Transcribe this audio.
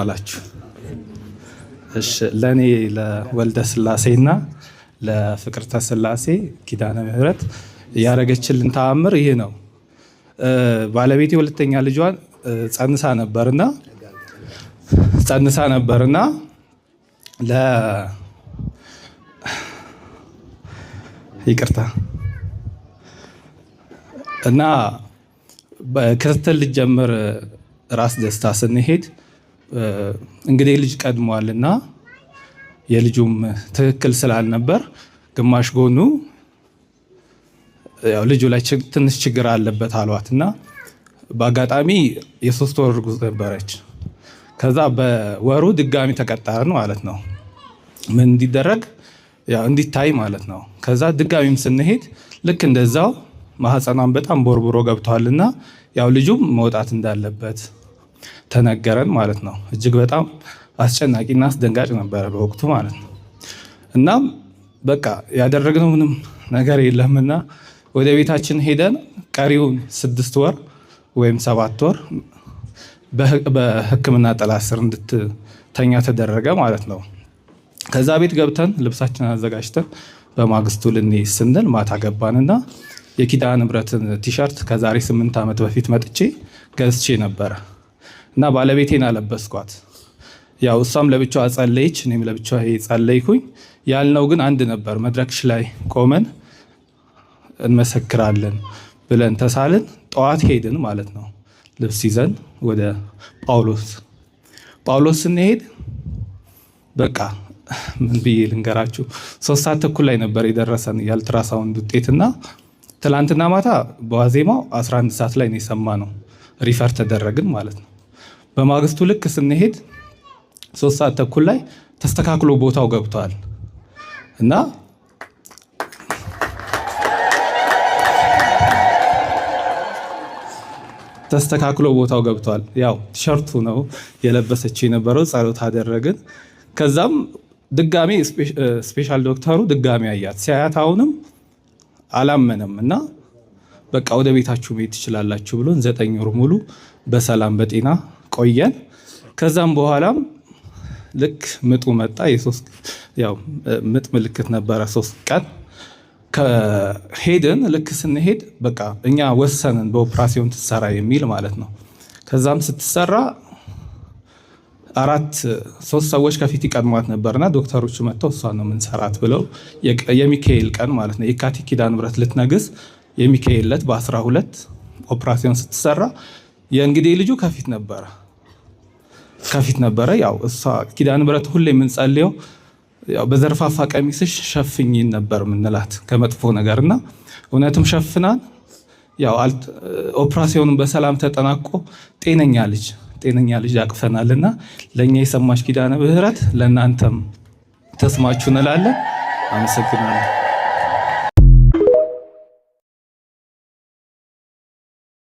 አላችሁ። እሺ ለእኔ ለወልደ ስላሴና ለፍቅርተ ስላሴ ኪዳነ ምሕረት ያደረገችልን ተአምር ይህ ነው። ባለቤቴ ሁለተኛ ልጇን ጸንሳ ነበርና ጸንሳ ነበርና ለ ይቅርታ እና ክትትል ልጀምር ራስ ደስታ ስንሄድ እንግዲህ ልጅ ቀድሟል እና የልጁም ትክክል ስላልነበር ግማሽ ጎኑ ያው ልጁ ላይ ትንሽ ችግር አለበት አሏት እና በአጋጣሚ የሶስት ወር እርጉዝ ነበረች። ከዛ በወሩ ድጋሚ ተቀጠርን ማለት ነው። ምን እንዲደረግ ያው እንዲታይ ማለት ነው። ከዛ ድጋሚም ስንሄድ ልክ እንደዛው ማህፀኗን በጣም ቦርቡሮ ገብቷልና ያው ልጁም መውጣት እንዳለበት ተነገረን ማለት ነው። እጅግ በጣም አስጨናቂና አስደንጋጭ ነበረ በወቅቱ ማለት ነው። እናም በቃ ያደረግነው ምንም ነገር የለምና ወደ ቤታችን ሄደን ቀሪውን ስድስት ወር ወይም ሰባት ወር በሕክምና ጥላ ስር እንድትተኛ ተደረገ ማለት ነው። ከዛ ቤት ገብተን ልብሳችንን አዘጋጅተን በማግስቱ ልኔ ስንል ማታ ገባንና የኪዳነ ምሕረትን ቲሸርት ከዛሬ ስምንት ዓመት በፊት መጥቼ ገዝቼ ነበረ። እና ባለቤቴን አለበስኳት። ያው እሷም ለብቻዋ ጸለይች፣ እኔም ለብቻዋ ጸለይኩኝ። ያልነው ግን አንድ ነበር። መድረክሽ ላይ ቆመን እንመሰክራለን ብለን ተሳልን። ጠዋት ሄድን ማለት ነው፣ ልብስ ይዘን ወደ ጳውሎስ። ጳውሎስ ስንሄድ በቃ ምን ብዬ ልንገራችሁ፣ ሶስት ሰዓት ተኩል ላይ ነበር የደረሰን የአልትራሳውንድ ውጤትና ትላንትና ማታ በዋዜማው 11 ሰዓት ላይ ነው የሰማ ነው። ሪፈር ተደረግን ማለት ነው። በማግስቱ ልክ ስንሄድ ሶስት ሰዓት ተኩል ላይ ተስተካክሎ ቦታው ገብቷል እና ተስተካክሎ ቦታው ገብቷል። ያው ቲሸርቱ ነው የለበሰች የነበረው። ጸሎት አደረግን። ከዛም ድጋሜ ስፔሻል ዶክተሩ ድጋሜ አያት። ሲያያት አሁንም አላመነም እና በቃ ወደ ቤታችሁ መሄድ ትችላላችሁ ብሎን ዘጠኝ ወር ሙሉ በሰላም በጤና ቆየን። ከዛም በኋላም ልክ ምጡ መጣ። ያው ምጥ ምልክት ነበረ ሶስት ቀን ከሄድን ልክ ስንሄድ በቃ እኛ ወሰንን በኦፕራሲዮን ትሰራ የሚል ማለት ነው። ከዛም ስትሰራ አራት ሶስት ሰዎች ከፊት ይቀድሟት ነበርና ዶክተሮቹ መጥተው እሷ ነው የምንሰራት ብለው የሚካኤል ቀን ማለት ነው የካቲ ኪዳን ብረት ልትነግስ የሚካኤል ዕለት በአስራ ሁለት ኦፕራሲዮን ስትሰራ የእንግዲህ ልጁ ከፊት ነበረ። ከፊት ነበረ። ያው እሷ ኪዳነ ምህረት ሁሌ የምንጸልየው በዘርፋፋ ቀሚስሽ ሸፍኝን ነበር ምንላት ከመጥፎ ነገርና እውነትም ሸፍናን ያው ኦፕራሲዮኑን በሰላም ተጠናቆ ጤነኛ ልጅ ጤነኛ ልጅ አቅፈናልና ለእኛ የሰማች ኪዳነ ብረት ለእናንተም ተስማችሁ እንላለን። አመሰግናለሁ።